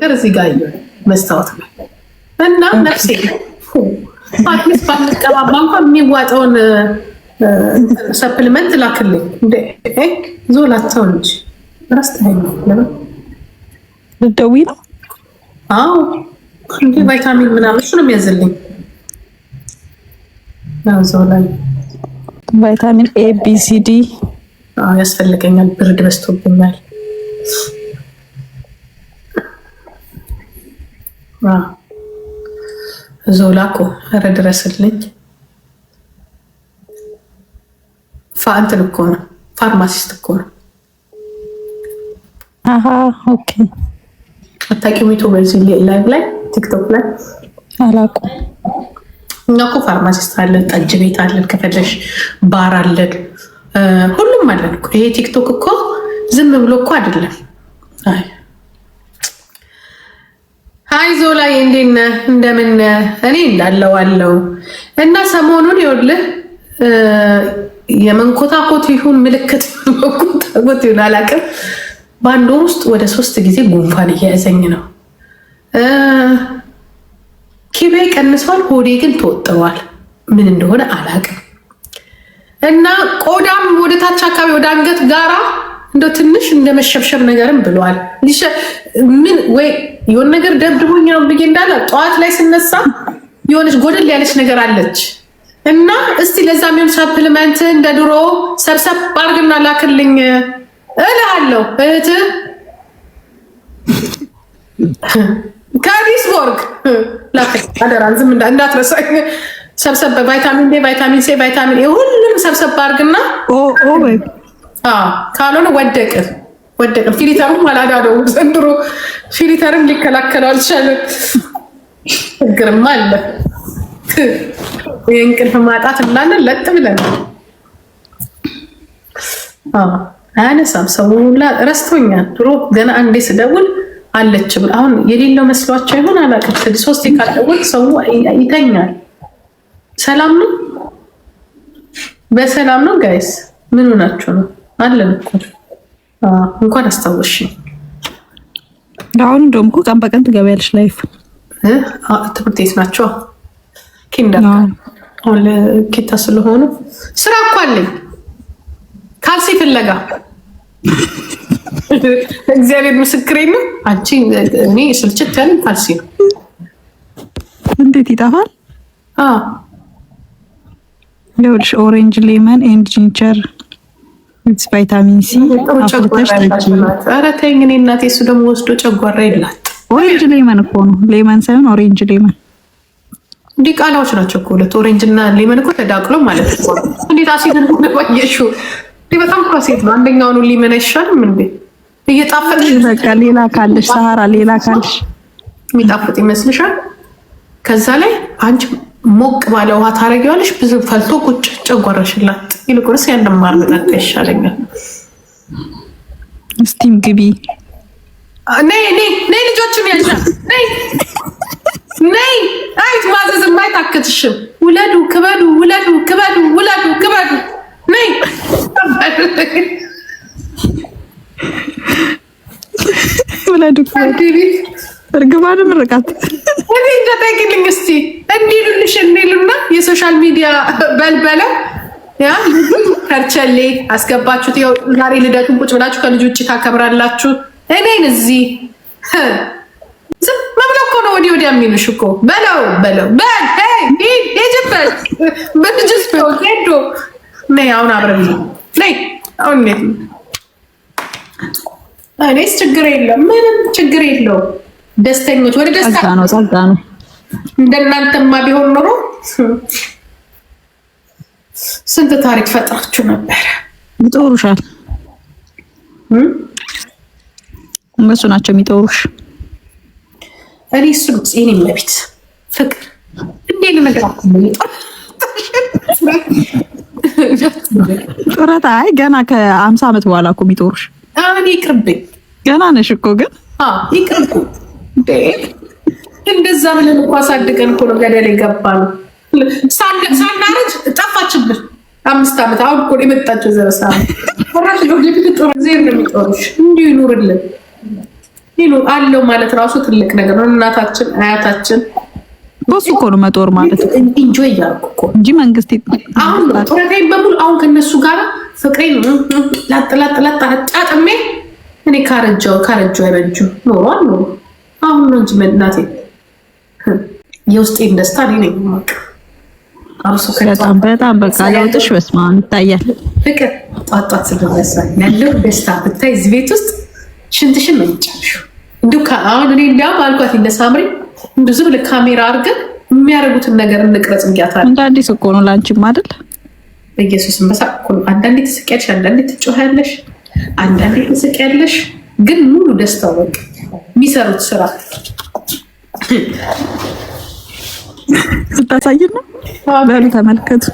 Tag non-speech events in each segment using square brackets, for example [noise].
ነገር እዚህ ጋር መስታወት ነው እና ነፍሴ አትሊስት ባንቀባባ እንኳ የሚዋጠውን ሰፕሊመንት ላክልኝ። እንደ ኤግ ዞላቸው እንጂ ረስተኸኝ ልትደውይ ነው? አዎ እንዲ ቫይታሚን ምናምን እሱ ነው የሚያዝልኝ። ዞ ላይ ቫይታሚን ኤ ቢ ሲ ዲ ያስፈልገኛል። ብርድ በዝቶብኛል። ዞላኮ ረድረስልኝ ኧረ ድረስልኝ። እንትን እኮ ነው ፋርማሲስት እኮ ነው። በዚህ ላይቭ ላይ ቲክቶክ ላይ አላቁ እኛ እኮ ፋርማሲስት አለን፣ ጠጅ ቤት አለን፣ ከፈለሽ ባር አለን፣ ሁሉም አለን። ይሄ ቲክቶክ እኮ ዝም ብሎ እኮ አይደለም። እንዴት ነህ? እንደምን ነህ? እኔ እንዳለው አለው እና ሰሞኑን ይኸውልህ የመንኮታኮት ይሁን ምልክት መንኮታኮት ይሁን አላውቅም። በአንድ ወር ውስጥ ወደ ሶስት ጊዜ ጉንፋን እየያዘኝ ነው። ኪቤ ቀንሷል፣ ሆዴ ግን ተወጥሯል። ምን እንደሆነ አላውቅም እና ቆዳም ወደ ታች አካባቢ ወደ አንገት ጋራ እንደ ትንሽ እንደ መሸብሸብ ነገርም ብለዋል። ምን ወይ የሆነ ነገር ደብድቦኝ ነው ብዬ እንዳለ ጠዋት ላይ ስነሳ የሆነች ጎደል ያለች ነገር አለች እና እስቲ ለዛ የሚሆን ሳፕልመንት እንደ ድሮ ሰብሰብ አርግና ላክልኝ እልሃለሁ እህት ከዲስቦርግ አደራን ዝም እንዳትረሳኝ። ሰብሰብ ቫይታሚን ዴ ቫይታሚን ሴ፣ ቫይታሚን ሁሉም ሰብሰብ አርግና ካልሆነ ወደቅ ወደቅ። ፊሊተሩም አላዳነውም ዘንድሮ ፊሊተርም ሊከላከለው አልቻለም። ችግርም አለ። የእንቅልፍ ማጣት ምናምን ለጥ ብለን አያነሳም ሰው ሁላ ረስቶኛል። ድሮ ገና አንዴ ስደውል አለች አሁን የሌለው መስሏቸው ይሆን አላውቅም። ስድስት ሶስት ካልደወልክ ሰው ይተኛል። ሰላም ነው፣ በሰላም ነው ጋይስ። ምኑ ናችሁ ነው አለን እኮ እንኳን አስታወሽ። አሁን እንደውም እኮ ቀን በቀን ትገቢያለሽ ላይፍ ትምህርት ቤት ናቸው ኪንዳ ኬታ ስለሆኑ ስራ እኮ አለኝ። ካልሲ ፍለጋ እግዚአብሔር ምስክሬ ነው። አንቺ እኔ ስልችት ያለኝ ካልሲ ነው። እንዴት ይጠፋል? ይኸውልሽ ኦሬንጅ ሌመን ኤንድ ጂንቸር ስ ቫይታሚን ሲ አፍርተሽ ጠጪ። ኧረ ተይኝ እኔ እናቴ። እሱ ደግሞ ወስዶ ጨጓራ ይላል። ኦሬንጅ ሌመን እኮ ነው። ሌመን ሳይሆን ኦሬንጅ ሌመን። ዲቃላዎች ናቸው እኮ ሁለት። ኦሬንጅ እና ሌመን እኮ ተዳቅሎ ማለት ነው። እንዴት አሲድን ባየሹ በጣም ኳሴት ነው። አንደኛውን ሊመን አይሻልም እንዴ? እየጣፈጥ በቃ ሌላ ካለሽ ሰሃራ ሌላ ካለሽ የሚጣፍጥ ይመስልሻል? ከዛ ላይ አንቺ ሞቅ ባለ ውሃ ታደርጊዋለሽ። ብዙ ፈልቶ ቁጭ ጨጎረሽላት። ይልቁንስ ያንን ማር ብጠጣ ይሻለኛል። እስቲም ግቢ ነይ ነይ ነይ፣ ልጆችን ያዣ ነይ ነይ። አይት ማዘዝ የማይታክትሽም ውለዱ፣ ክበዱ፣ ውለዱ፣ ክበዱ፣ ውለዱ፣ ክበዱ። ነይ ውለዱ፣ ክበዱ እርግማን ምርቃት እኔ እንደጠይቅልኝ እስቲ እንዲሉልሽ እንዲሉና የሶሻል ሚዲያ በልበለ ከርቸሌ አስገባችሁት። ዛሬ ልደቱን ቁጭ ብላችሁ ከልጅ ውጭ ታከብራላችሁ። እኔን እዚህ ዝም ነው ወዲህ ወዲያ የሚልሽ እኮ በለው በለው በጅበት በልጅስ ሄዶ አሁን አብረን አሁን እኔስ ችግር የለም ምንም ችግር የለውም። ደስተኞች ወደ ደስታ ነው። ጸጋ ነው። እንደናንተማ ቢሆን ኖሮ ስንት ታሪክ ፈጥራችሁ ነበረ። ይጦሩሻል። እነሱ ናቸው የሚጦሩሽ። እኔ እሱ ኔ መቤት ፍቅር እንዴት ነገር ጡረታ? አይ ገና ከአምሳ ዓመት በኋላ እኮ የሚጦሩሽ። እኔ ይቅርብኝ። ገና ነሽ እኮ ግን ይቅርብኝ እንደዛ ብለን እኮ አሳድገን እኮ ነው ገደል የገባ ነው። ሳናረጅ ጠፋችብን አምስት ዓመት። አሁን እኮ የመጣቸው ዘረሳ ራሽ ወደፊት ጦር ዜር ነው የሚጦሩሽ። እንዲሁ ይኑርልን ይሉ አለው ማለት ራሱ ትልቅ ነገር ነው። እናታችን አያታችን በሱ እኮ ነው መጦር ማለት እንጆ እያልኩ እኮ እንጂ መንግስት አሁን ጡረታዬን በሙሉ አሁን ከነሱ ጋር ፍቅሬን ላጥላጥላጥ ጫጥሜ እኔ ካረጃው ካረጃው አይረጁ ኖሯል ኖሮ አሁን ነው እንጂ የውስጤን ደስታ ነኝ ማቅ በጣም በጣም በቃ ለውጥሽ ይታያል። ፍቅር ያለው ደስታ ብታይ እዚህ ቤት ውስጥ ሽንትሽን ነው የሚጫልሽው። እንዲሁ እኔ እንዲያውም አልኳት ብለህ ካሜራ አድርገን የሚያደርጉትን ነገር እንቅረጽ እንጊያታል። እንደ አዲስ እኮ ነው ለአንቺም አይደል በሳቅ አንዳንዴ አንዳንዴ አንዳንዴ ግን ሙሉ ደስታው በቃ የሚሰሩት ስራ ስታሳይ ነው። በሉ ተመልከቱ።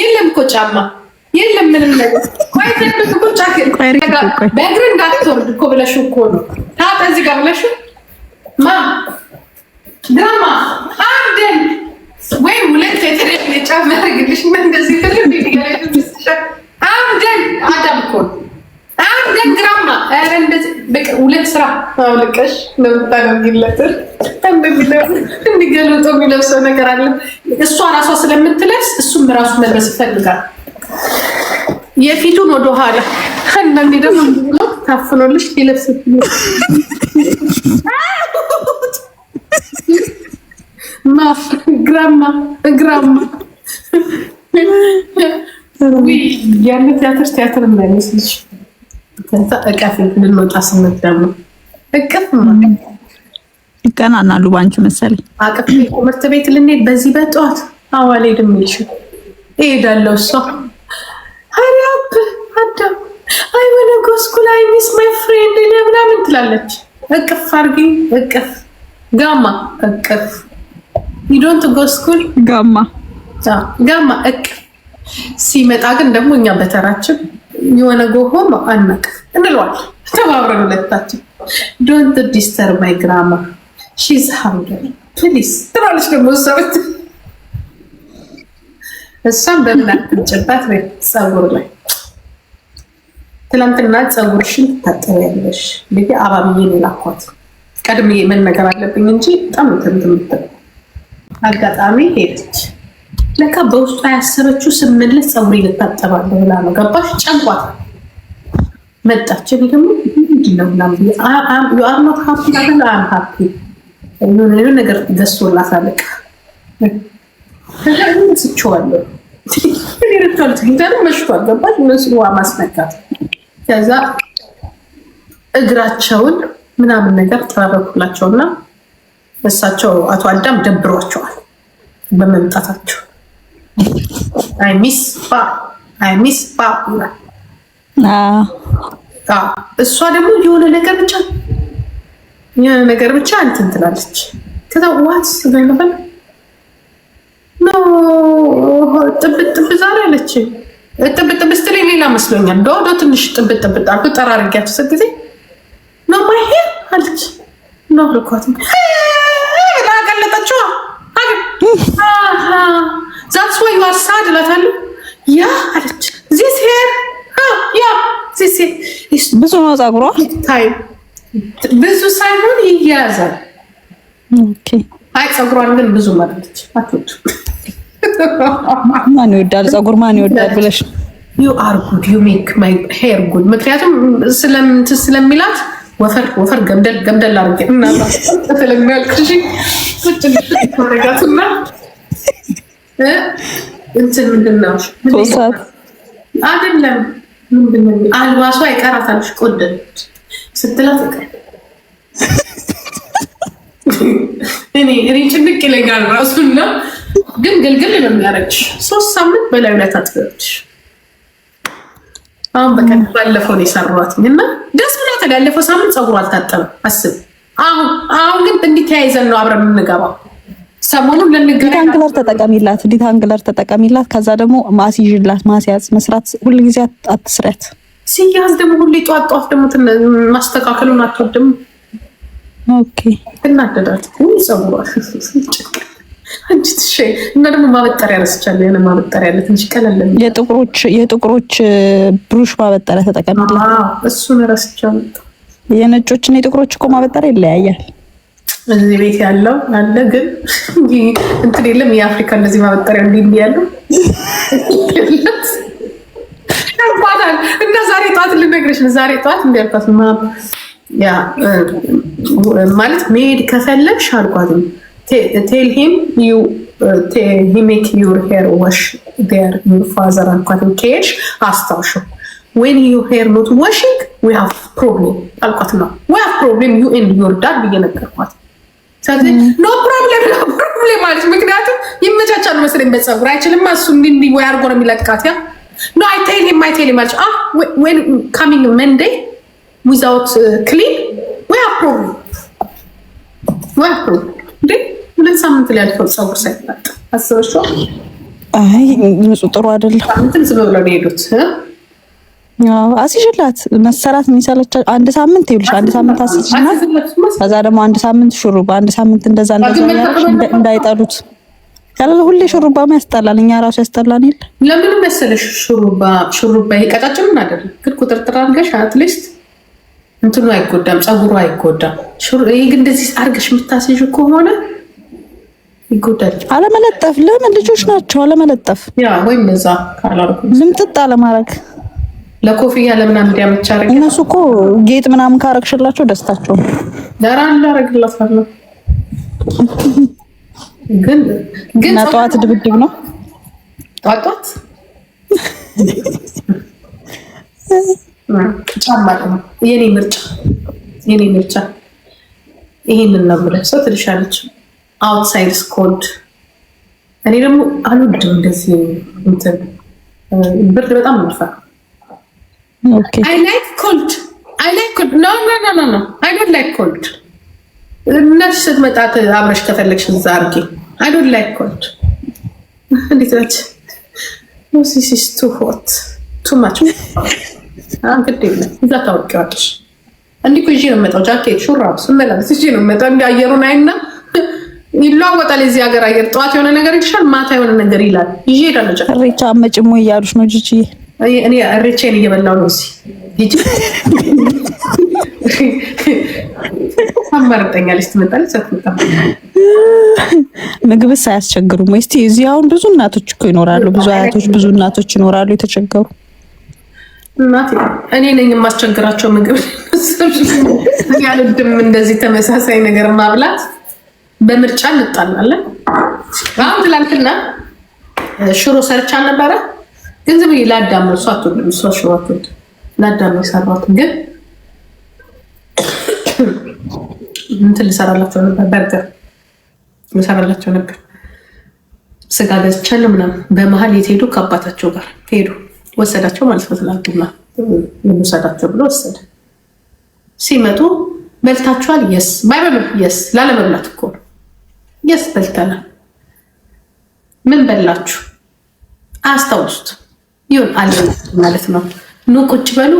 የለም እኮ ጫማ የለም ምንም ነገር በእግር እንዳትወርድ እኮ ብለሽው እኮ ነው። ታጠ እዚህ ጋር ብለሽው ማ ድራማ አንድን ወይ ሁለት የተለየ ጫፍ ያደርግልሽ እና እንደዚህ ፍልም አምደን አዳም እኮ አምደን ግራማ ሁለት ስራ አውልቀሽ እንዲገለጦ የሚለብሰው ነገር አለ። እሷ ራሷ ስለምትለብስ እሱም ራሱ መልበስ ይፈልጋል። የፊቱን ወደኋላ አንዳንዴ ታፍኖልሽ ይለብስ ግራማ ግራማ ያለ ቲያትር ቲያትር እንዳይመስልሽ። ከዛ እቀፍ ልንወጣ ስንል ደግሞ እቅፍ ይቀናናሉ። በአንቺ መሰለኝ አቅፍ ትምህርት ቤት ልንሄድ በዚህ በጠዋት አዋሌ ድምልሽ እሄዳለሁ። እሷ ሀሪያብ አዳም አይ ወደ ጎስኩል አይ ሚስ ማይ ፍሬንድ ምናምን ትላለች። እቅፍ አድርጊ እቅፍ ጋማ እቅፍ ዩ ዶንት ጎ ስኩል ጋማ ጋማ እቅ ሲመጣ ግን ደግሞ እኛ በተራችን የሆነ ጎሆ ነው አናቅ እንለዋል ተባብረን ሁለታችን ዶንት ዲስተር ማይ ግራማ ሺዝ ሃንገሪ ፕሊስ ትላለች ደግሞ ሰበት እሷም በምናቅንጭባት ፀጉር ላይ ትላንትና ፀጉርሽን ትታጠቢያለሽ ብዬ አባብዬን የላኳት ቀድሜ መነገር አለብኝ እንጂ በጣም ትምትምትል አጋጣሚ ሄደች። ለካ በውስጡ ያሰበችው ስመለስ ፀጉሬ ልታጠባለሁ ብላ ነው። ገባሽ? ጨንቋት መጣች። እኔ ደግሞ ምንድነው ምናምን ሀፒ ሀፒ ነገር ገዝቶላታል። በቃ ስችዋለሁ መሽቷል። ገባሽ? ማስነካት ከዛ እግራቸውን ምናምን ነገር እሳቸው አቶ አዳም ደብሯቸዋል በመምጣታቸው። ሚስ ሚስ እሷ ደግሞ የሆነ ነገር ብቻ የሆነ ነገር ብቻ እንትን ትላለች። ከዛ ዋት ይበል ጥብጥብ ዛሬ አለች። ጥብጥብ ስትል ሌላ መስሎኛል። ዶ ዶ ትንሽ ጥብጥብ አርጎ ጠራርጊያቸው ጊዜ ነው ማሄ አለች ነው ልኳት ዛትስ ዋይ ዩ አር ሳድ እላታለሁ። ያ አለች ዚስ ሄር ያ ዚስ ሄር ብዙ ነው ፀጉሯ ብዙ ሳይሆን ይያያዛል። ኦኬ አይ ፀጉሯን ግን ብዙ ማለች አትወድ። ማን ይወዳል ፀጉር ማን ይወዳል ብለሽ ዩ አር ጉድ ዩ ሜክ ማይ ሄር ጉድ ምክንያቱም ስለምት ስለሚላት ወፈር ወፈር ገምደል ገምደል አድርጌ እናለሚያልቅሽ ረጋትና እንትን ምንድን ነው አይደለም፣ ምንድን አልባሱ አይቀራታልሽ ቆደች ስትላት እኔ እኔ ጭንቅ ይለኛል ራሱና፣ ግን ግልግል ነው የሚያደርግሽ። ሶስት ሳምንት በላዩ ላይ ታጥቢያለሽ። አሁን በቃ ባለፈው ነው የሰሯት እና ደስ ብሏታል። ያለፈው ሳምንት ፀጉሩ አልታጠበም አስብ። አሁን ግን እንዲተያይዘን ነው አብረን የምንገባው። ሰሞኑን ዲታንግለር ተጠቀሚላት፣ ዲታንግለር ተጠቀሚላት። ከዛ ደግሞ ማስይዥላት፣ ማስያዝ መስራት፣ ሁሉ ጊዜ አትስሪያት። ሲያዝ ደግሞ ሁሌ ጧት ጧት ደግሞ ማስተካከሉን አትወድም። ኦኬ ትናደዳት ፀጉሯ እና ደግሞ ማበጠሪያ ረስቻለሁ። የሆነ ማበጠሪያ አለ ትንሽ ቀለል የጥቁሮች ብሩሽ ማበጠሪያ ተጠቀምላ እሱን ረስቻለሁ። የጥቁሮች እኮ ማበጠሪያ ይለያያል። እዚህ ቤት ያለው አለ፣ ግን እንትን የለም። የአፍሪካ እንደዚህ ማበጠሪያ እንዲ እንዲ ያለው እና ዛሬ ጠዋት ልነግርሽ ነው። ዛሬ ጠዋት እንዲያልኳት ማለት መሄድ ከፈለግሽ አልኳት ነው ቴል ሂም ሂሜክ ዩር ሄር ወሽ ር ፋዘር አልኳት። ከሄድሽ አስታውሽው ዌን ዩ ሄር ኖት ወሽንግ ዊ ሃቭ ፕሮብሌም አልኳት። ነው ዊ ሃቭ ፕሮብሌም ዩ ኤንድ ዩር ዳድ ብዬ ነገርኳት። ኖ ፕሮብሌም ኖ ፕሮብሌም አለች። ምክንያቱም ይመቻቻል መሰለኝ በፀጉር አይችልም እሱ እንዲህ ወይ አድርጎ ነው የሚለቃት። ያ ኖ አይ ቴል ሂም አይ ቴል ሂም አለች። አህ ካሚንግ መንዴይ ዊዛውት ክሊን ዊ ሃቭ ፕሮብሌም ዊ ሃቭ ፕሮብሌም ሁለት ሳምንት ላይ ያልፈው ፀጉር ሳይታጠብ አስበሽው። አይ ንጹ ጥሩ አይደለም። ሳምንት ዝም ብለው ነው የሄዱት። አስይሽላት መሰራት የሚሰለቻ አንድ ሳምንት ይሉሽ አንድ ሳምንት አስይሽና ከዛ ደግሞ አንድ ሳምንት ሹሩባ፣ አንድ ሳምንት እንደዛ እንደዛ እንዳይጠሉት ያለ ሁሌ ሹሩባ ያስጠላል። እኛ ራሱ ያስጠላል። የለ ለምን መሰለሽ ሹሩባ ሹሩባ ይቀጣጭም አይደል? ግን ቁጥርጥር አድርገሽ አትሊስት እንትኑ አይጎዳም፣ ፀጉሩ አይጎዳም። ይህ ግን እንደዚህ አርገሽ የምታስይዥ ከሆነ ይጎዳል። አለመለጠፍ ለምን ልጆች ናቸው። አለመለጠፍ ወይም ለዛ ካላርጉ ልምጥጥ አለማድረግ ለኮፍያ ለምናምን እንዲያመቻ እነሱ እኮ ጌጥ ምናምን ካረግሽላቸው ደስታቸው ዳራ እንዳረግላታለሁ። ግን ግን ጠዋት ድብድብ ነው ጠዋት ጫማ ነው የኔ ምርጫ። የኔ ምርጫ ይሄንን ነው የምለብሰው ትልሻለች። አውትሳይድ ስኮልድ እኔ ደግሞ አልወድም እንደዚህ እንትን ብርድ በጣም ምርፋ አይ ላይክ ኮልድ አይ ላይክ ኮልድ ኖ ኖ ኖ ኖ አይ ዶንት ላይክ ኮልድ እናትሽ ስትመጣ አብረሽ ከፈለግሽ እዛ አድርጊ። አይ ዶንት ላይክ ኮልድ እንዴት ናቸው? ሲስ ቱ ሆት ቱ ማች ግድ የለም እዛ ታወቂዋለሽ። እንዲህ እኮ ይዤ ነው የምመጣው። ጃኬት፣ ሹራብ ስመላለስ ይዤ ነው የምመጣው። እንዲህ አየሩን አይና ይለዋወጣል። የዚህ ሀገር አየር ጠዋት የሆነ ነገር ይሻል፣ ማታ የሆነ ነገር ይላል። ይዤ ሄዳለሁ። ጃኬት እሬቻ አትመጭም ወይ እያሉሽ ነው ጂጂ? እኔ እሬቻዬን እየበላሁ ነው። ሲ ታማርጠኛለች። ትመጣለች ትመጣ ምግብስ አያስቸግሩም ወይስ? እዚህ አሁን ብዙ እናቶች እኮ ይኖራሉ። ብዙ አያቶች፣ ብዙ እናቶች ይኖራሉ የተቸገሩ እኔ ነኝ የማስቸግራቸው ምግብ ያልድም እንደዚህ ተመሳሳይ ነገር ማብላት በምርጫ እንጣላለን። አሁን ትላንትና ሽሮ ሰርቻ ነበረ፣ ግን ዝም ብዬ ላዳምር እሷ አትወድም፣ እሷ ሽሮ አትወድም። ላዳምር ሰራት፣ ግን እንትን ልሰራላቸው ነበር፣ በርገር ልሰራላቸው ነበር። ስጋ ገዝቻለሁ ምናምን። በመሀል የት ሄዱ? ከአባታቸው ጋር ሄዱ ወሰዳቸው ማለት ነው። ትናንትና ልንወሰዳቸው ብሎ ወሰደ። ሲመጡ በልታችኋል? የስ ባይበሉም የስ ላለመብላት እኮ ነው። የስ በልተናል። ምን በላችሁ? አያስታውሱት ይሁን አለ ማለት ነው። ኑ ቁጭ በሉ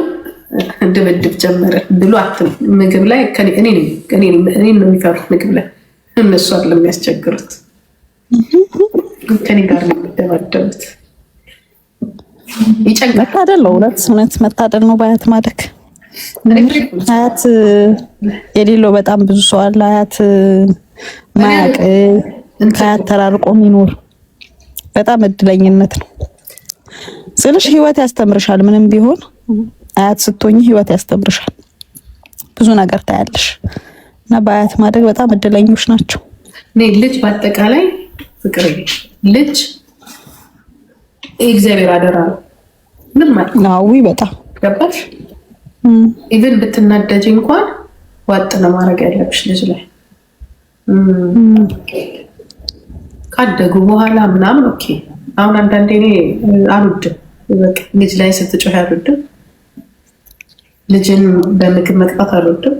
ድብድብ ጀመረ ብሎ አትም ምግብ ላይ እኔ ነው የሚፈሩት ምግብ ላይ እነሱ አለ የሚያስቸግሩት ከኔ ጋር ነው የሚደባደቡት። መታደል ነው። እውነት እውነት መታደል ነው በአያት ማደግ። አያት የሌለው በጣም ብዙ ሰው አለ። አያት ማያቅ ከአያት ተራርቆ የሚኖር በጣም እድለኝነት ነው ስልሽ፣ ህይወት ያስተምርሻል። ምንም ቢሆን አያት ስትሆኝ ህይወት ያስተምርሻል። ብዙ ነገር ታያለሽ እና በአያት ማደግ በጣም እድለኞች ናቸው። ልጅ በአጠቃላይ ፍቅር ልጅ እግዚአብሔር አደራ ነው። ምን ማለት ነው? በጣም ገባሽ። ኢቨን ብትናደጅ እንኳን ዋጥ ነው ማድረግ ያለብሽ ልጅ ላይ ካደጉ በኋላ ምናምን ኦኬ። አሁን አንዳንዴ እኔ አልወድም ልጅ ላይ ስትጮህ አልወድም። ልጅን በምግብ መቅጣት አልወድም።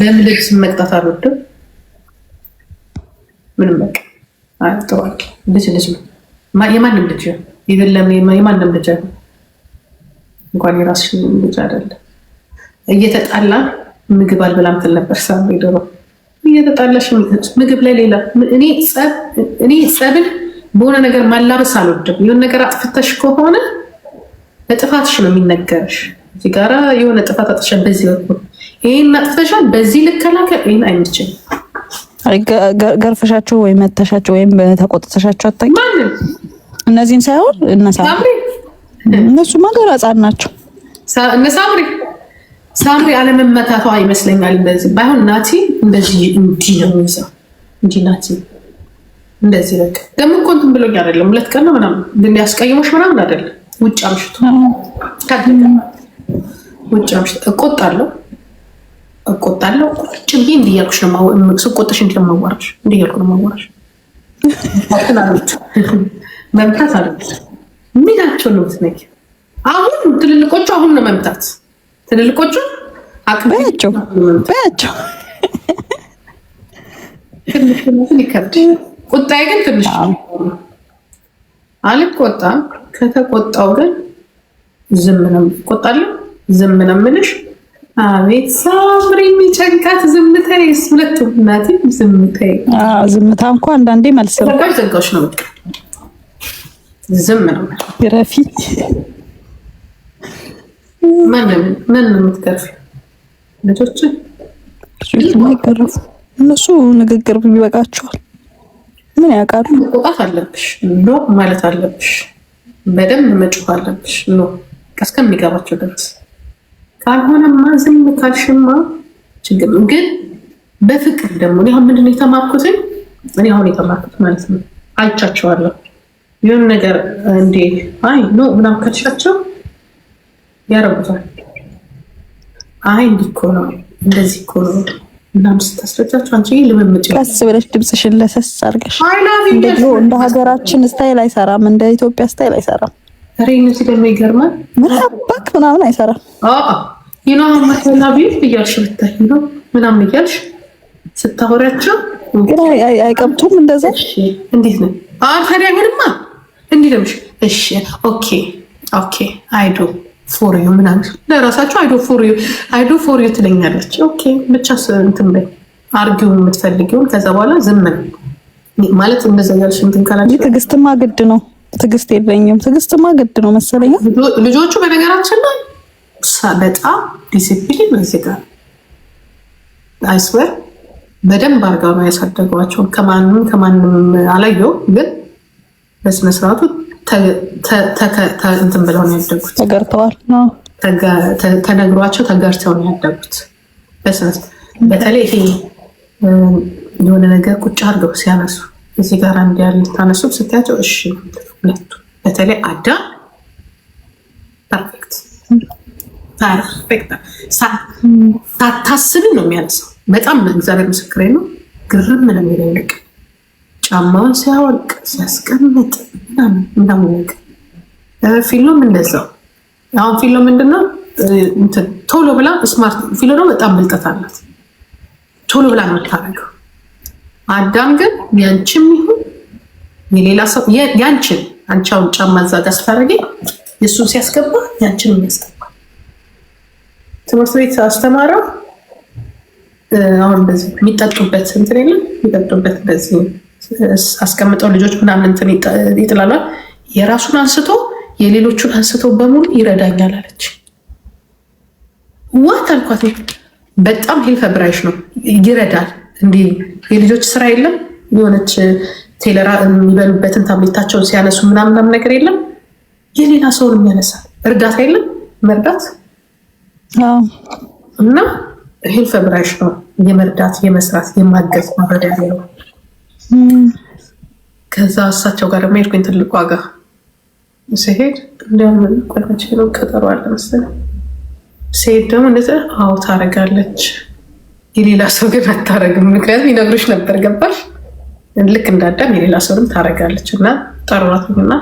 በልብስ መቅጣት አልወድም። ምንም በቃ ጥሩ ልጅ ልጅ ነው። የማንም ልጅ ይደለም የማንም ልጅ እንኳን የራስሽ ልጅ አይደለም። እየተጣላ ምግብ አልበላም ትል ነበር ሳም ሄደሮ እየተጣላሽ ምግብ ላይ ሌላ። እኔ ጸብን በሆነ ነገር ማላበስ አልወድም። የሆነ ነገር አጥፍተሽ ከሆነ በጥፋትሽ ነው የሚነገርሽ። እዚህ ጋራ የሆነ ጥፋት አጥፍሻል፣ በዚህ ይህን አጥፍተሻል፣ በዚህ ልከላከል ይህን አይመችም ገርፈሻቸው ወይም መተሻቸው ወይም ተቆጥተሻቸው አታውቂም። እነዚህን ሳይሆን እነሱማ ገና ሕፃን ናቸው። ሳምሪ ሳምሪ አለመመታቷ ይመስለኛል። እንደዚህ ባይሆን ናቲ እንደዚህ እንዲህ ነው የሚይዘው እንጂ ናቲ እንደዚህ በቃ ደግሞ እኮ እንትን ብሎኝ አይደለም ሁለት ቀን ነው ምናምን ግን ያስቀይሞሽ ምናምን አይደለም ውጭ አምሽቶ ውጭ አምሽቶ እቆጣለሁ እቆጣለሁ። ቁጭ ብዬ እንዲህ ነው ስቆጥሽ፣ እንዲ ነው እንዲያልኩ ነው የማዋራሽ። መምታት አለ ሚላቸው ነው የምትነጊው። አሁን ትልልቆቹ አሁን ነው መምታት። ትልልቆቹ አቅበያቸው በያቸው ይከብድ። ቁጣዬ ግን ትንሽ አልቆጣም። ከተቆጣው ግን ዝም ነው ቆጣለሁ። ዝም ነው የምልሽ አቤት ሳምሪ የሚጨንቃት ዝምታ ሁለት ናት። ዝምታ ዝምታ እንኳ አንዳንዴ መልስ ነው። ዘጋሽ ነው ዝም ነው ረፊ ምን የምትገርፊ ልጆች ይገረፉ። እነሱ ንግግር ይበቃቸዋል። ምን ያውቃሉ? መቆጣት አለብሽ ኖ ማለት አለብሽ። በደንብ መጮህ አለብሽ ኖ እስከሚገባቸው ድረስ ካልሆነማ ዝም ካልሽማ ችግር ነው። ግን በፍቅር ደግሞ እኔ አሁን ምንድን ነው የተማርኩትን እኔ አሁን የተማርኩት ማለት ነው አይቻቸዋለሁ የሆነ ነገር እንዴ አይ ኖ ምናምን ያረጉታል። አይ እንዲህ እኮ ነው እንደዚህ እኮ ነው ምናምን ስታስረጃቸው አንቺ ልምምጭ ቀስ ብለሽ ድምፅሽን ለሰስ አድርገሽ እንደ ሀገራችን ስታይል አይሰራም፣ እንደ ኢትዮጵያ ስታይል አይሰራም። ሬን ሲደሞ ይገርማል። ምን ምናምን አይሰራም። ይናሁን መተና ቢ እያልሽ ብታይ ነው ምናምን እያልሽ ስታወሪያቸው ግን አይቀምጡም። እንደዛ እንዴት ነው? አዎ ታዲያ ግንማ እንዲህ ለምሽ እሺ፣ ኦኬ፣ ኦኬ አይዶ ፎር ዩ ምናምን ለራሳቸው አይዶ ፎር ዩ አይዶ ፎር ዩ ትለኛለች። ኦኬ ብቻ እንትን በይ አርጊው የምትፈልጊውን ከዛ በኋላ ዝም ማለት እንደዛ ያልሽ እንትን ካላችሁ ትዕግስትማ ግድ ነው። ትግስት የለኝም። ትግስትማ ግድ ነው መሰለኝ። ልጆቹ በነገራችን ላይ በጣም ዲሲፕሊን እዚህ አይስበር በደንብ አርጋ ነው ያሳደጓቸው። ከማንም ከማንም አላየው፣ ግን በስነስርዓቱ እንትን ብለው ነው ያደጉት። ተገርተዋል፣ ተነግሯቸው ተገርተው ነው ያደጉት። በተለይ ይሄ የሆነ ነገር ቁጭ አድርገው ሲያነሱ እዚህ ጋር እንዲያል ታነሱት ስታያቸው፣ እሺ ሁለቱ በተለይ አዳ ፐርፌክት ፐርፌክት ሳታስብ ነው የሚያነሳው። በጣም እግዚአብሔር ምስክሬ ነው። ግርም ነው የሚደንቅ ጫማውን ሲያወልቅ ሲያስቀምጥ እንዳምነግ ፊሎም እንደዛው። አሁን ፊሎ ምንድነው ቶሎ ብላ ስማርት ፊሎ ነው። በጣም ብልጠት አላት። ቶሎ ብላ የምታረገው አዳም ግን ያንቺም ይሁን የሌላ ሰው ያንቺን አንቺ ጫማ እዛ ጋር ስታደርጊ የእሱን ሲያስገባ ያንቺን የሚያስገባ ትምህርት ቤት አስተማረው። አሁን በዚህ የሚጠጡበት እንትን የለም የሚጠጡበት በዚህ አስቀምጠው ልጆች ምናምን እንትን ይጥላሏል። የራሱን አንስቶ የሌሎቹን አንስቶ በሙሉ ይረዳኛል አለች። ዋት አልኳት። በጣም ሄልፈ ነው ይረዳል እንዲህ የልጆች ስራ የለም የሆነች ቴለራ የሚበሉበትን ታብሌታቸውን ሲያነሱ ምናምናም ነገር የለም። የሌላ ሰውን የሚያነሳል እርዳታ የለም መርዳት እና ይህን ፈብራሽ ነው የመርዳት የመስራት የማገዝ ማረዳ ነው። ከዛ እሳቸው ጋር ደግሞ ሄድኩኝ። ትልቅ ዋጋ ሲሄድ እንዲያውም ቆይመች ቀጠሮ አለ መሰለኝ ሲሄድ ደግሞ እንደዚያ አዎ ታደርጋለች የሌላ ሰው ግን አታረግም። ምክንያቱም ይነግሮች ነበር ገባል ልክ እንዳዳም የሌላ ሰውንም ታረጋለች። እና ጠሯትና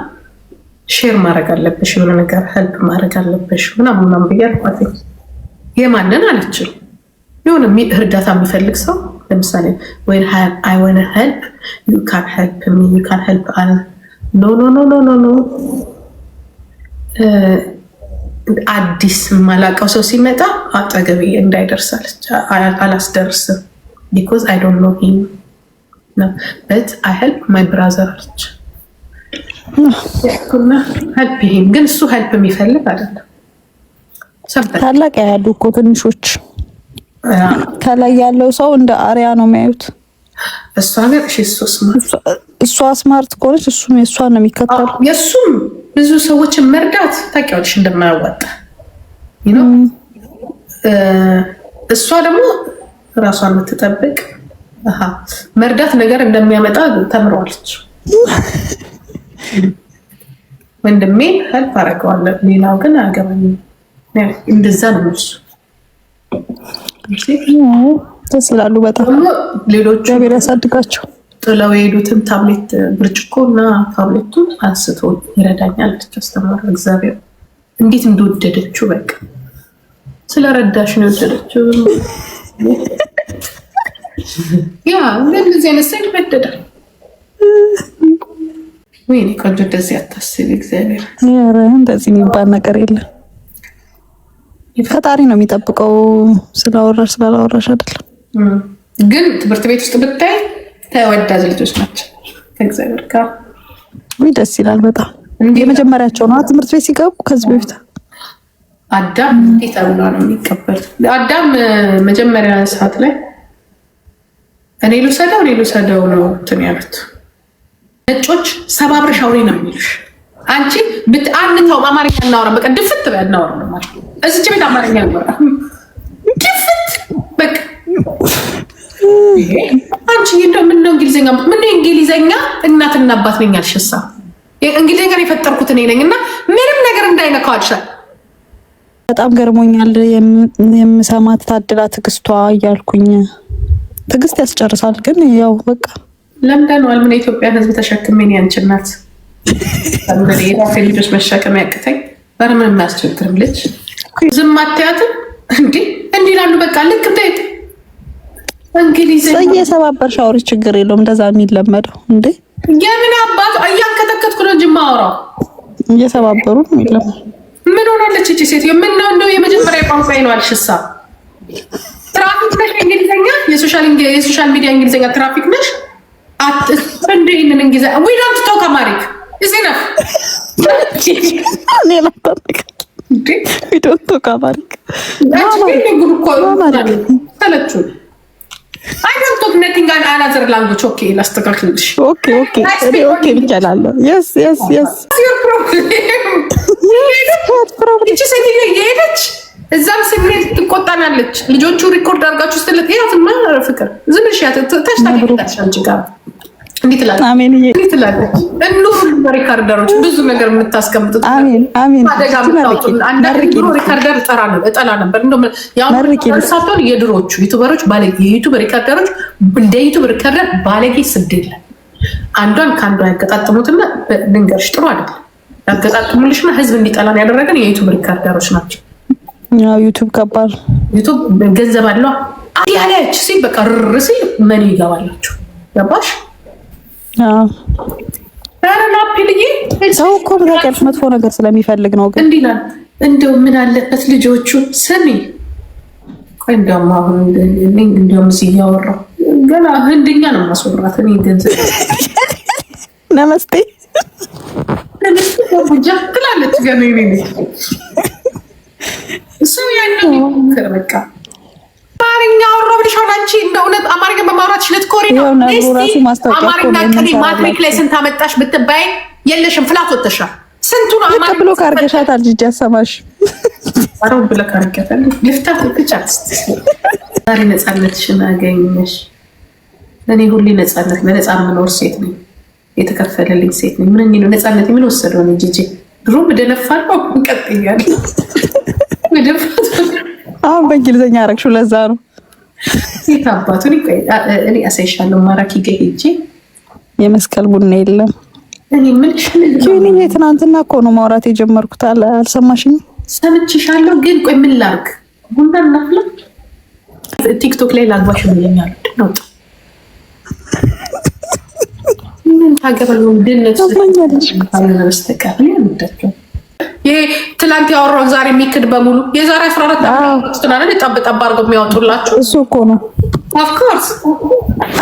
ሼር ማድረግ አለብሽ የሆነ ነገር ህልፕ ማድረግ አለብሽ ምናምን ምናምን ብዬ አልኳት። የማንን አለችኝ የሆነ እርዳታ የሚፈልግ ሰው ለምሳሌ ወይ አይ ወነ ህልፕ ዩ ካን ህልፕ ሚ ዩ ካን ህልፕ አለ ኖ ኖ ኖ ኖ ኖ አዲስ የማላውቀው ሰው ሲመጣ አጠገቤ እንዳይደርሳል አላስደርስም። ቢኮዝ አይ ዶንት ኖ ሂም ነው በት አይ ሄልፕ ማይ ብራዘር አለች ሄልፕ ይሄም ግን እሱ ሄልፕ የሚፈልግ አይደለም። ታላቅ ያሉ እኮ ትንሾች ከላይ ያለው ሰው እንደ አሪያ ነው የሚያዩት። እሷ ሀገር እሷ ስማርት ከሆነች እሱም የእሷ ነው የሚከተሉ የእሱም ብዙ ሰዎችን መርዳት ታውቂያለሽ እንደማያዋጣ እሷ ደግሞ ራሷን የምትጠብቅ መርዳት ነገር እንደሚያመጣ ተምረዋለች። ወንድሜ ሄልፕ አደርገዋለሁ፣ ሌላው ግን አያገባኝም። እንደዛ ነው እሱ ደስ ይላሉ በጣም ሌሎቹ ያሳድጋቸው። ጥለው የሄዱትን ታብሌት ብርጭቆ እና ታብሌቱን አንስቶ ይረዳኛል አስተማሪ እግዚአብሔር እንዴት እንደወደደችው በቃ ስለረዳሽ ነው የወደደችው። ያ እንደዚህ አይነት ሰው ይበደዳል። ወይኔ ቆንጆ እንደዚህ አታስቢ እግዚአብሔር። እንደዚህ የሚባል ነገር የለም። ፈጣሪ ነው የሚጠብቀው። ስላወራሽ ስላላወራሽ አይደለም። ግን ትምህርት ቤት ውስጥ ብታይ ተወዳጅ ልጆች ናቸው። ከእግዚአብሔር ጋር ደስ ይላል። በጣም የመጀመሪያቸው ነው ትምህርት ቤት ሲገቡ። ከዚህ በፊት አዳም እንዴት ተብሎ ነው የሚቀበል? አዳም መጀመሪያ ሰዓት ላይ እኔ ልውሰደው እኔ ልውሰደው ነው እንትን ያሉት ነጮች። ሰባብረሽ አውሪ ነው የሚሉሽ። አንቺ አንተው አማርኛ እናወራ፣ በቃ ድፍት በይ እናወራ። እዚች ቤት አማርኛ እናወራ አንቺ እንደው ምን ነው እንግሊዝኛ ምን ነው እንግሊዝኛ እናትና አባት ነኝ አልሽሳ እንግሊዝኛ የፈጠርኩት እኔ ነኝ እና ምንም ነገር እንዳይነካው አልሻል። በጣም ገርሞኛል። የምሰማት ታድላ ትግስቷ እያልኩኝ ትግስት ያስጨርሳል። ግን ያው በቃ ለምደነዋል። ምን የኢትዮጵያን ሕዝብ ተሸክሜን እኔ አንቺ እናት የራሴ ልጆች መሸከም ያቅተኝ በርምን የሚያስቸግርም ልጅ ዝም አትያትም እንዲህ እንዲህ ላሉ በቃ ልክ እንደ እየሰባበር ሻወር ችግር የለውም። እንደዛ የሚለመደው እንዴ? የምን አባቱ እያንከተከትኩ ነው እንጂ የማወራው እየሰባበሩ ነው የሚለመደው። ምን ሆናለች እቺ ሴት? ምን ነው እንደው የመጀመሪያ ቋንቋ ነው አልሽሳ። ትራፊክ ነሽ እንግሊዝኛ፣ የሶሻል ሚዲያ እንግሊዝኛ ትራፊክ ነሽ። እንደ ይህንን እንግሊዝ ዊ ዶንት ቶክ አማሪክ እዚ ነፍ ሌላ ዊ ዶንት ቶክ አማሪክ ተለችው አይ ዶንት ነቲንግ አን አናዘር ላንጉጅ ኦኬ ላስተካክልልሽ ኦኬ ኦኬ ኦኬ ብቻ እላለሁ የስ የስ የስ ይቺ ሴትዮ የሄደች እዛም ስሜት ትቆጣናለች ልጆቹ ሪኮርድ አድርጋችሁ ስትለት ያትማ ፍቅር ዝም ብለሽ ያት ተሽታቂ ታሽ ጋር እንዴት ትላለች? እሉፍ ሪካርደሮች ብዙ ነገር የምታስቀምጡት ሪካርደር እጠላ ነበር። ሳትሆን የድሮቹ ዩቱበሮች የዩቱብ ሪካርደሮች እንደ ዩቱብ ሪካርደር ባለጌ ስድ የለም። አንዷን ከአንዷ ያገጣጥሙትና ልንገርሽ፣ ጥሩ አይደለም ያገጣጥሙልሽና ህዝብ እንዲጠላን ያደረገን የዩቱብ ሪካርደሮች ናቸው። ዩቱብ ከባድ ዩቱብ ገንዘብ አለዋ ያለች ሲል በቃ ርር ገባሽ ሰው እኮ ምን መጥፎ ነገር ስለሚፈልግ ነው። ግን እንዲህ እንደው ምን አለበት ልጆቹ ስሚ እንደውም አሁን እንደውም እዚህ እያወራሁ ገና ህንድኛ ነው ማስወራት። እኔ ገንዘብ ነመስቴ ጃ ትላለች ገና በቃ አማርኛ አወራሁልሽ አንቺ እንደ እውነት አማርኛ በማውራት ልትኮሪ ነው። አማርኛ ቅዲ ማትሪክ ላይ ስንት አመጣሽ ብትባይ የለሽም ፍላት ወጥተሻል። ስንቱ አማርኛ ብሎክ አድርገሻታል። ጂጂ አሰማሽ አረው ብሎክ አድርገታል። ልፍታት ብቻስ ዛሬ ነፃነትሽን አገኘሽ። እኔ ሁሌ ነፃነት በነፃ የምኖር ሴት ነኝ፣ የተከፈለልኝ ሴት ነኝ። ምን ነው ነፃነት ምን ነው ጂጂ ድሮ ምደነፋ ነው ቀጥያል ምደፋ አሁን በእንግሊዝኛ አረግሽው ለዛ ነው። ሴት አባቱን እኔ አሳይሻለሁ። ማራኪ ጋ የመስቀል ቡና የለም። ምን ይህን የትናንትና እኮ ነው ማውራት የጀመርኩት። አልሰማሽኝ? ሰምችሻለሁ፣ ግን ቆይ ምን ላርግ? ቡና እናፍላ። ቲክቶክ ላይ ላግባሽ ብለኛል። ነው ምን ታገበሉ ድነት በስተቀር እኔ አልወዳቸውም ይሄ ትላንት ያወራውን ዛሬ የሚክድ በሙሉ የዛሬ አስራ አራት ስትናለ ጠብጠብ አድርገው የሚያወጡላችሁ እሱ እኮ ነው። ኦፍኮርስ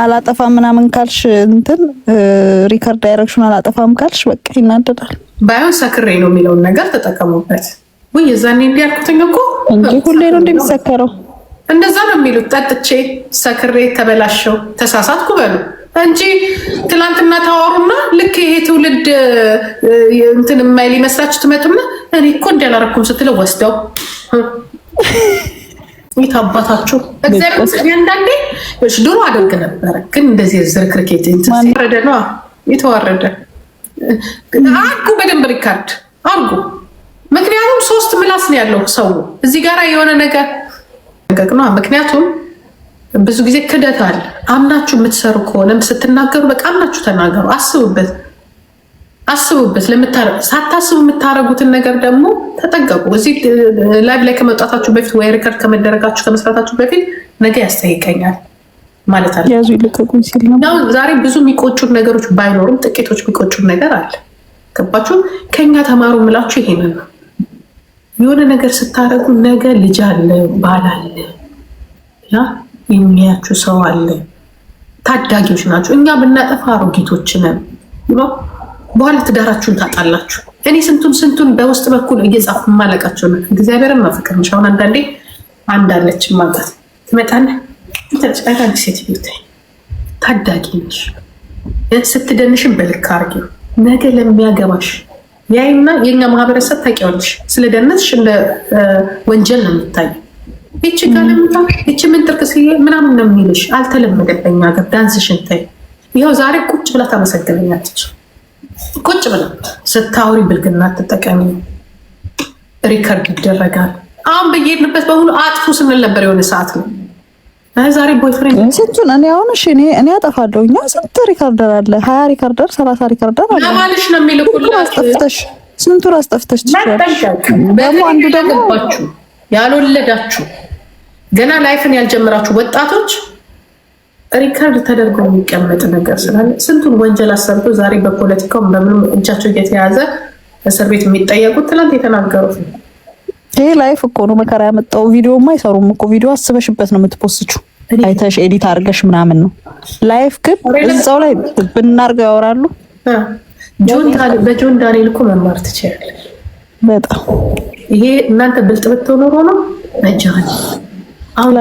አላጠፋ ምናምን ካልሽ እንትን ሪከርድ ዳይሬክሽን አላጠፋም ካልሽ በቃ ይናደዳል። ባይሆን ሰክሬ ነው የሚለውን ነገር ተጠቀሙበት። ወይ የዛኔ እንዲያልኩትኝ እኮ ሁሌ ነው እንደሚሰከረው እንደዛ ነው የሚሉት። ጠጥቼ ሰክሬ ተበላሸው ተሳሳትኩ በሉ እንጂ ትላንትና ታወሩና ሄድ እንትን የማይል ይመስላችሁ ትመጡና እኔ እኮ እንዳላረኩም ስትለው ወስደው [laughs] የት አባታችሁ እግዚአብሔር። አንዳንዴ ድሮ አደርግ ነበረ፣ ግን እንደዚህ ዝርክርኬት ረደ ነ የተዋረደ አርጉ፣ በደንብ ሪካርድ አርጉ። ምክንያቱም ሶስት ምላስ ነው ያለው ሰው እዚህ ጋር የሆነ ነገር ነው። ምክንያቱም ብዙ ጊዜ ክደት አለ። አምናችሁ የምትሰሩ ከሆነ ስትናገሩ በቃ አምናችሁ ተናገሩ። አስቡበት። አስቡበት። ሳታስቡ የምታረጉትን ነገር ደግሞ ተጠንቀቁ። እዚህ ላይቭ ላይ ከመውጣታችሁ በፊት ወይ ሪከርድ ከመደረጋችሁ ከመስራታችሁ በፊት ነገ ያስጠይቀኛል ማለት አለ። ያው ዛሬ ብዙ የሚቆጩን ነገሮች ባይኖሩም ጥቂቶች የሚቆጩን ነገር አለ። ገባችሁ? ከኛ ተማሩ የምላችሁ ይሄንን ነው። የሆነ ነገር ስታረጉ ነገ ልጅ አለ፣ ባል አለ፣ የሚያችሁ ሰው አለ። ታዳጊዎች ናቸው። እኛ ብናጠፋ አሮጊቶች ነን። በኋላ ትዳራችሁን ታጣላችሁ። እኔ ስንቱን ስንቱን በውስጥ በኩል እየጻፉ ማለቃቸው ነው። እግዚአብሔርን ማፈቅር ነሽ። አሁን አንዳንዴ አንዳለች ማውጣት ትመጣለህ። ሴት ታዳጊ ነሽ። ስትደንሽን በልክ አርጊ። ነገ ለሚያገባሽ ያይና የኛ ማህበረሰብ ታውቂዋለሽ፣ ስለደነስሽ እንደ ወንጀል ነው የሚታየው። ይቺ ጋለምታ ይቺ ምን ጥርቅስ ምናምን ነው የሚልሽ። አልተለመደበኛ ገብ ዳንስሽን ታይ። ይኸው ዛሬ ቁጭ ብላ ታመሰግነኛለች። ቁጭ ብለ ስታውሪ ብልግና ትጠቀሚ ሪከርድ ይደረጋል። አሁን በየሄድንበት በሁሉ አጥፉ ስንል ነበር። የሆነ ሰዓት ነው ዛሬ ስንቱን እኔ አሁን እሺ እኔ እኔ አጠፋለሁ። እኛ ስንት ሪከርደር አለ? ሀያ ሪከርደር፣ ሰላሳ ሪከርደር አለ ለማለሽ ነው የሚልኩላስጠፍተሽ ስንቱ አስጠፍተሽ ደግሞ አንዱ ደግሞ ያልወለዳችሁ ገና ላይፍን ያልጀምራችሁ ወጣቶች ሪካርድ ተደርጎ የሚቀመጥ ነገር ስላለ ስንቱን ወንጀል አሰርቶ ዛሬ በፖለቲካው በምንም እጃቸው እየተያዘ እስር ቤት የሚጠየቁት ትላንት የተናገሩት ነው። ይሄ ላይፍ እኮ ነው መከራ ያመጣው። ቪዲዮ አይሰሩም እኮ ቪዲዮ አስበሽበት ነው የምትፖስችው፣ አይተሽ ኤዲት አድርገሽ ምናምን ነው። ላይፍ ግን እዛው ላይ ብናርገው ያወራሉ። በጆን ዳንኤል እኮ መማር ትችላለ በጣም ይሄ እናንተ ብልጥ ብትሆኑ ሆኖ ነው አሁን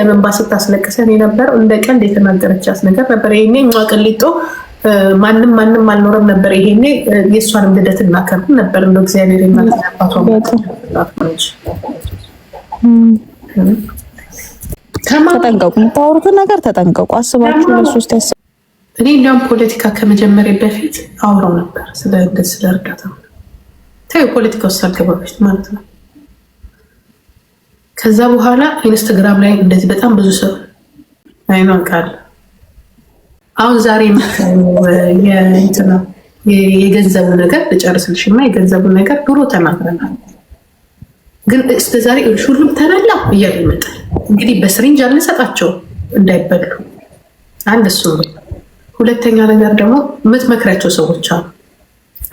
በእንባ ስታስለቅሰን የነበረው እንደ ቀልድ የተናገረቻት ነገር ነበር። ይሄኔ እኛ ቅሊጦ ማንም ማንም አልኖረም ነበር። ይሄኔ የእሷንም ልደት እናከብር ነበር። እንደ እግዚአብሔር የማለባቷ ተጠንቀቁ፣ የምታወሩትን ነገር ተጠንቀቁ። አስባችሁ ለሶስት ያስ እኔ እንዲያውም ፖለቲካ ከመጀመሪያ በፊት አውረው ነበር ስለ እርዳታ ተው ፖለቲካ ውስጥ አልገባ በፊት ማለት ነው ከዛ በኋላ ኢንስታግራም ላይ እንደዚህ በጣም ብዙ ሰው አይኗን ቃል አሁን ዛሬ የገንዘቡ ነገር ልጨርስልሽማ፣ የገንዘቡ ነገር ድሮ ተናግረናል፣ ግን እስከ ዛሬ ሁሉም ተበላ እያለ ይመጣል። እንግዲህ በስሪንጅ አንሰጣቸው እንዳይበሉ፣ አንድ እሱ። ሁለተኛ ነገር ደግሞ የምትመክሪያቸው ሰዎች አሉ፣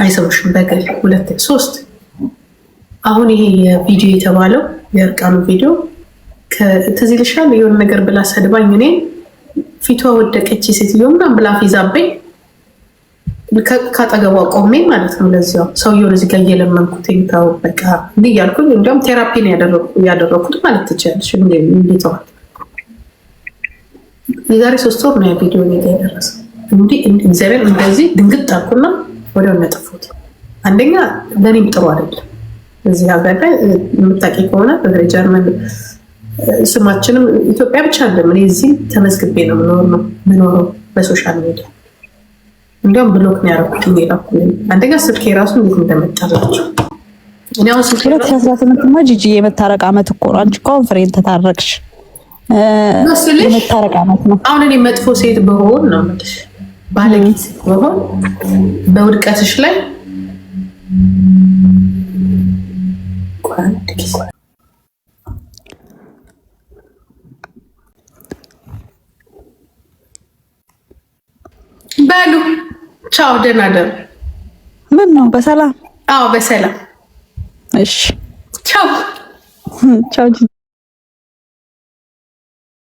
አይሰሙሽም። በገል ሁለት ሶስት አሁን ይሄ የቪዲዮ የተባለው የእርቃኑ ቪዲዮ ትዝ ይልሻል? የሆነ ነገር ብላ ሰድባኝ እኔ ፊቷ ወደቀች ሴትዮ ምናምን ብላ ፊዛብኝ ካጠገቧ ቆሜ ማለት ነው። ለዚያው ሰውየውን እዚህ ጋር እየለመንኩት ተው በቃ እንዲህ እያልኩኝ እንዲያውም ቴራፒ ነው ያደረኩት ማለት ትችላለች። እንዲተዋል የዛሬ ሶስት ወር ነው ቪዲዮ ጋ የደረሰ እንዲህ እግዚአብሔር እንደዚህ ድንግጥ አልኩና ወዲያው ነጥፎት አንደኛ ለእኔም ጥሩ አይደለም። እዚህ ሀገር ላይ የምታውቂ ከሆነ በግሬ ጀርመን ስማችንም ኢትዮጵያ ብቻ አለም። እኔ እዚህ ተመዝግቤ ነው ምኖር ነው ምኖረው በሶሻል ሚዲያ እንዲያውም ብሎክ ነው ያደረኩት። ሌላ አንደጋ ስልኬ ራሱ እንዴት እንደመጣላቸው እኔ አሁን ሁለት ሺ አስራ ስምንትማ ጂጂ የመታረቅ አመት እኮ ነው። አንቺ ኮንፍሬን ተታረቅሽ የመታረቅ አመት ነው። አሁን እኔ መጥፎ ሴት በሆን ነው ባለጌት በሆን በውድቀትሽ ላይ በሉ ቻው፣ ደህና ደሩ። ምን ነው በሰላም? አዎ በሰላም። እሺ ቻው ቻው።